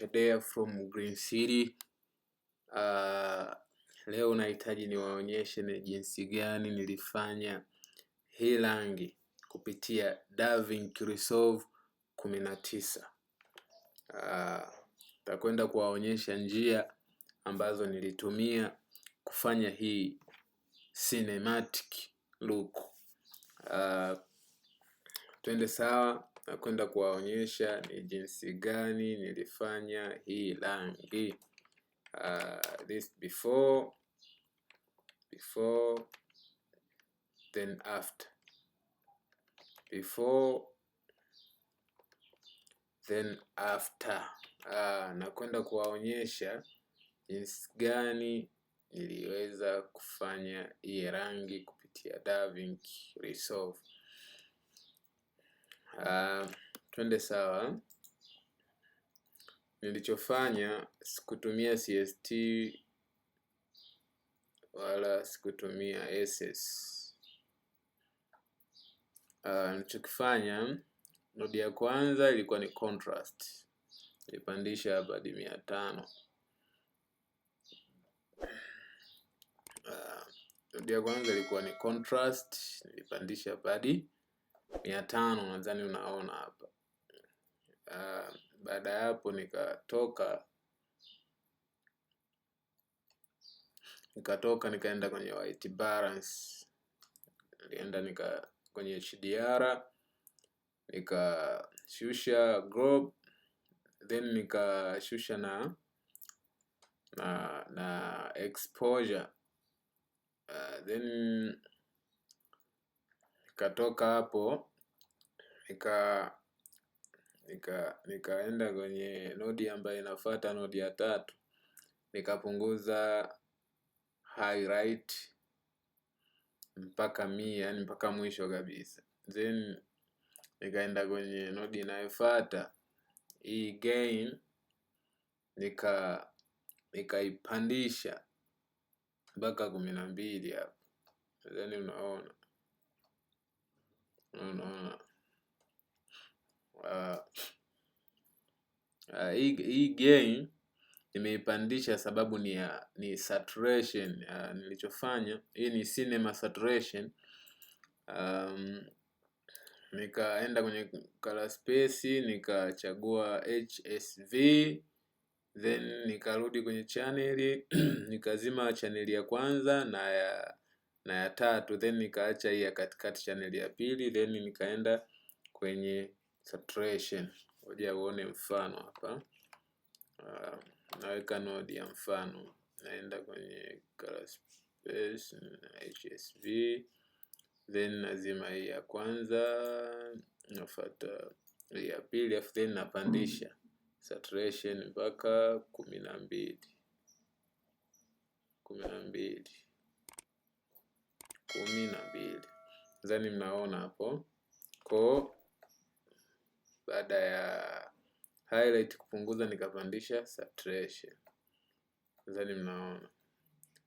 Shadea from Green City. Uh, leo nahitaji niwaonyeshe ni jinsi gani nilifanya hii rangi kupitia DaVinci Resolve kumi na tisa. Uh, ah, takwenda kuwaonyesha njia ambazo nilitumia kufanya hii cinematic look. Uh, twende sawa na kwenda kuwaonyesha ni jinsi gani nilifanya hii rangi. Uh, this before before then after before then after. Uh, na kwenda kuwaonyesha jinsi gani niliweza kufanya hii rangi kupitia DaVinci Resolve. Ah, twende sawa. Nilichofanya sikutumia CST wala sikutumia SS. Ah, nilichokifanya nodi ya kwanza ilikuwa ni contrast, ilipandisha hapa hadi mia tano. Ah, nodi ya kwanza ilikuwa ni contrast, nilipandisha hapa hadi mia tano nadhani unaona hapa. Uh, baada ya hapo nikatoka nikatoka nikaenda kwenye white balance, nilienda nika kwenye HDR nikashusha then nikashusha na na na exposure uh, then Nikatoka hapo nika nika nikaenda kwenye nodi ambayo inafuata nodi ya tatu nikapunguza highlight mpaka mia yani mpaka mwisho kabisa then nikaenda kwenye nodi inayofuata hii gain nika nikaipandisha mpaka kumi na mbili hapo then unaona Mm-hmm. Uh, hii gain nimeipandisha sababu ni ya, ni saturation uh, nilichofanya hii ni cinema saturation um, nikaenda kwenye color space nikachagua HSV then nikarudi kwenye chaneli nikazima chaneli ya kwanza na ya na ya tatu, then nikaacha hii ya katikati channel ya pili, then nikaenda kwenye saturation. Ngoja uone mfano hapa. Uh, naweka nodi ya mfano, naenda kwenye color space na HSV, then nazima hii ya kwanza, nafuata hii ya pili, afu then napandisha saturation mpaka kumi na mbili kumi na mbili kumi na mbili. Nadhani mnaona hapo ko baada ya highlight kupunguza nikapandisha saturation. Nadhani mnaona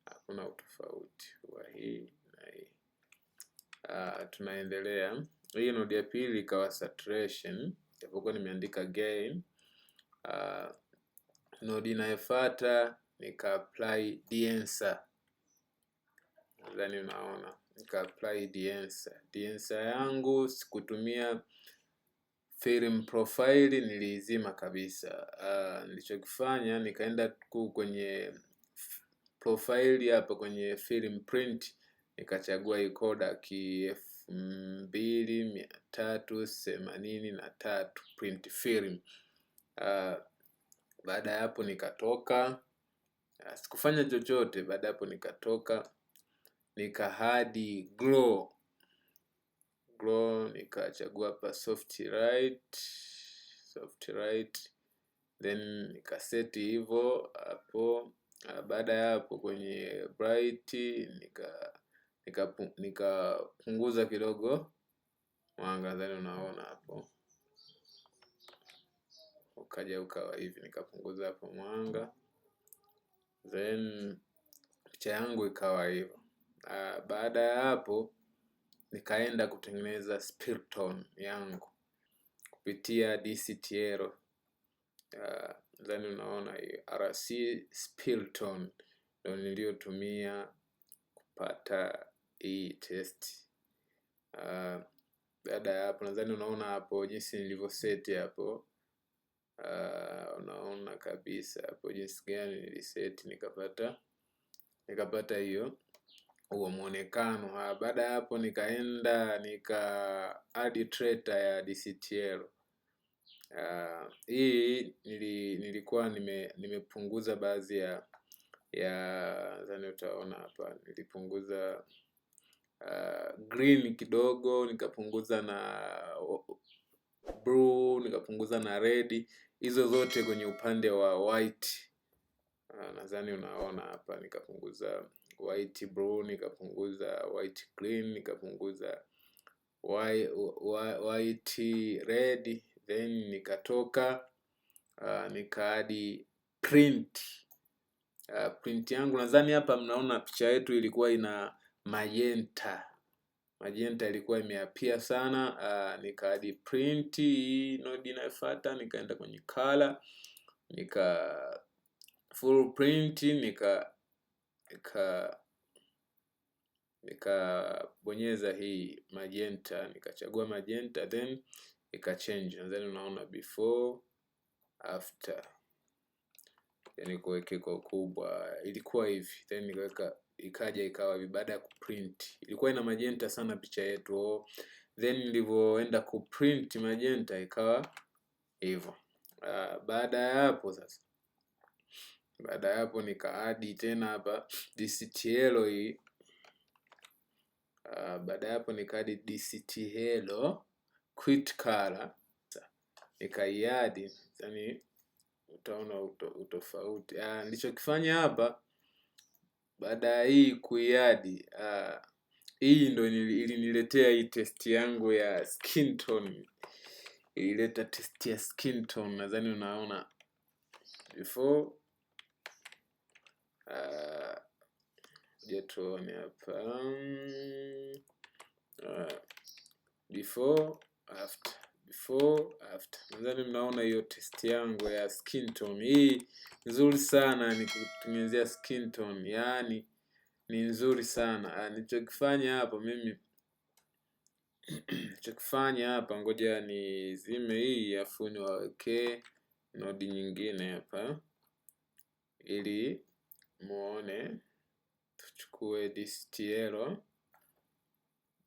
hakuna utofauti wa hii na hii. Ah, tunaendelea. Hii nodi ya pili ikawa saturation, japokuwa nimeandika gain. Uh, ah, nodi inayofuata nika apply denser nadhani unaona nika apply Diensa. Diensa yangu sikutumia film profile niliizima kabisa. Uh, nilichokifanya nikaenda tu kwenye profile hapa kwenye film print nikachagua hii Kodak elfu mbili mia tatu themanini na tatu print film. Uh, baada ya hapo nikatoka, ah, sikufanya chochote. Baada ya hapo nikatoka nikahadi glow glow, nikachagua hapa soft right soft right then nikaseti hivyo hapo. Ah, baada ya hapo kwenye bright nika nikapunguza nika kidogo mwanga, then unaona hapo ukaja ukawa hivi, nikapunguza hapo mwanga then picha yangu ikawa hivyo. Uh, baada ya hapo nikaenda kutengeneza Spiriton yangu kupitia DCTL. Uh, ah, unaona hiyo RC Spiriton ndio niliyotumia kupata hii test. Uh, baada ya hapo nadhani unaona hapo jinsi nilivyoseti hapo. Uh, unaona kabisa hapo jinsi gani niliseti nikapata nikapata hiyo huo muonekano. Baada ya hapo nikaenda nika add trader ya DCTL. Uh, hii nili, nilikuwa nime, nimepunguza baadhi ya ya zani utaona hapa nilipunguza uh, green kidogo nikapunguza na blue nikapunguza na red, hizo zote kwenye upande wa white. Uh, nadhani unaona hapa nikapunguza white brown, nikapunguza white green, nikapunguza white red, then nikatoka uh, nikaadi print uh, print yangu nadhani hapa mnaona picha yetu ilikuwa ina magenta magenta ilikuwa imeapia sana uh, nikaadi print hii nodi inayofuata nikaenda kwenye color nika full print nika nikabonyeza hii magenta, nikachagua magenta then ikachange. Nadhani unaona before after, yani kuweke kwa ukubwa, ilikuwa hivi then nikaweka ikaja ikawa hivi. Baada ya kuprint ilikuwa ina magenta sana picha yetu, oh. then nilivyoenda kuprint magenta ikawa hivyo. Uh, ah, baada ya hapo sasa baada ya hapo nikaadi tena hapa DCTL hii. Uh, baada ya hapo nikaadi DCTL quit color nikaiadi, yani utaona utofauti uh, nilichokifanya hapa baada ya hii kuiadi uh, hii ndo iliniletea hii test yangu ya skin tone, ilileta test ya skin tone, nadhani unaona before je uh, tuone hapa um, uh, before after before after. Nadhani mnaona hiyo test yangu ya skin tone. Hii nzuri sana ni kutengenezea skin tone, yani ni nzuri sana ah, nichokifanya hapa mimi nilichokifanya hapa, ngoja nizime hii afu niwawekee nodi nyingine hapa ili muone. Tuchukue DCTL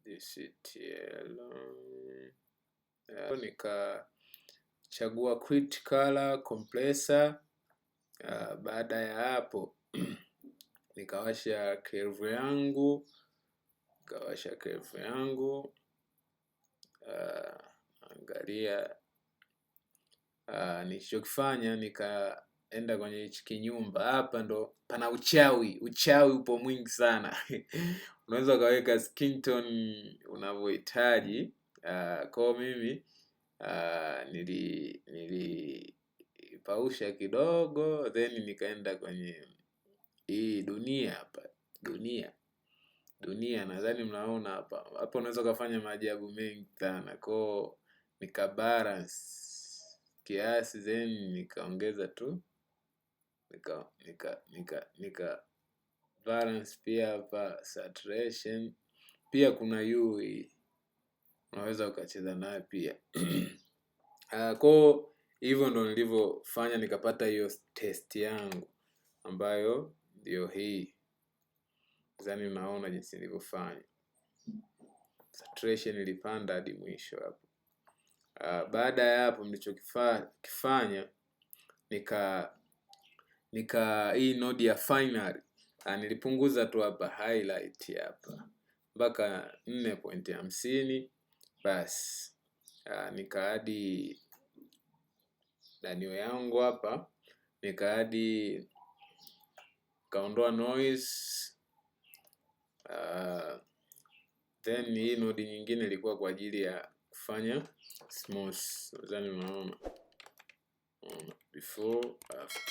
DCTL, nikachagua quit color compressor. Uh, baada ya hapo nikawasha curve yangu nikawasha curve yangu uh, angalia uh, nilichokifanya nika enda kwenye hichi kinyumba hapa ndo pana uchawi uchawi upo mwingi sana unaweza ukaweka tone unavyohitaji uh, ah, kwao mimi uh, nili nilipausha kidogo then nikaenda kwenye hii dunia hapa dunia dunia nadhani mnaona hapa hapo unaweza ukafanya maajabu mengi sana koo nikabalance kiasi then nikaongeza tu nika nika nika nika balance pia hapa saturation pia kuna UI unaweza ukacheza naye pia uh, ah, kwa hivyo ndo nilivyofanya nikapata hiyo test yangu ambayo ndio hii zani, naona jinsi nilivyofanya saturation ilipanda hadi mwisho hapo. Uh, baada ya hapo nilichokifanya nika nika hii node ya final ah, nilipunguza tu hapa highlight hapa mpaka nne pointi hamsini basi ah, nikaadi danio yangu hapa nikaadi kaondoa noise uh, then hii nodi nyingine ilikuwa kwa ajili ya kufanya smooth, nadhani unaona before after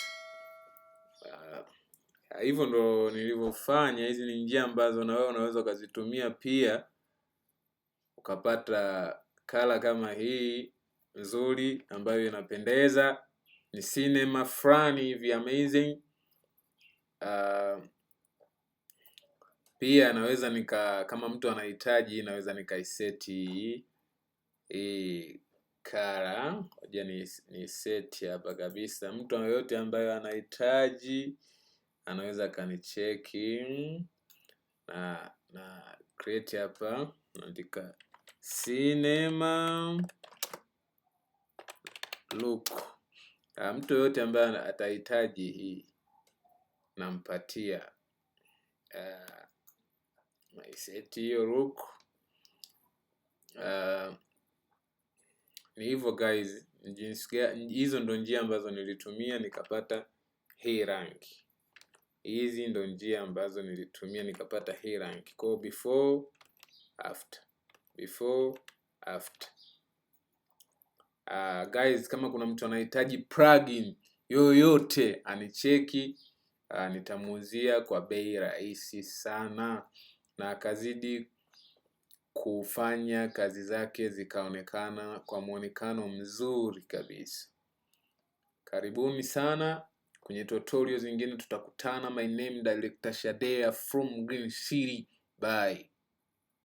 Ah, ah, hivyo ndo nilivyofanya. Hizi ni njia ambazo na wewe unaweza ukazitumia pia ukapata kala kama hii nzuri ambayo inapendeza, ni cinema fulani hivi amazing. Uh, pia naweza nika, kama mtu anahitaji, naweza nikaiseti hii kala. Hoja ni, ni seti hapa kabisa. Mtu yoyote ambaye anahitaji anaweza akanicheki na na create hapa, naandika cinema look. Mtu yoyote ambaye atahitaji hii nampatia uh, eh, maiseti hiyo look ni hivyo guys, hizo ndo njia ambazo nilitumia nikapata hii rangi. Hizi ndo njia ambazo nilitumia nikapata hii rangi, kwa before after, before after. Uh, guys kama kuna mtu anahitaji plugin yoyote anicheki, uh, nitamuuzia kwa bei rahisi sana na akazidi kufanya kazi zake zikaonekana kwa muonekano mzuri kabisa. Karibuni sana kwenye tutorial zingine, tutakutana. My name Director Shadea from Green City, bye.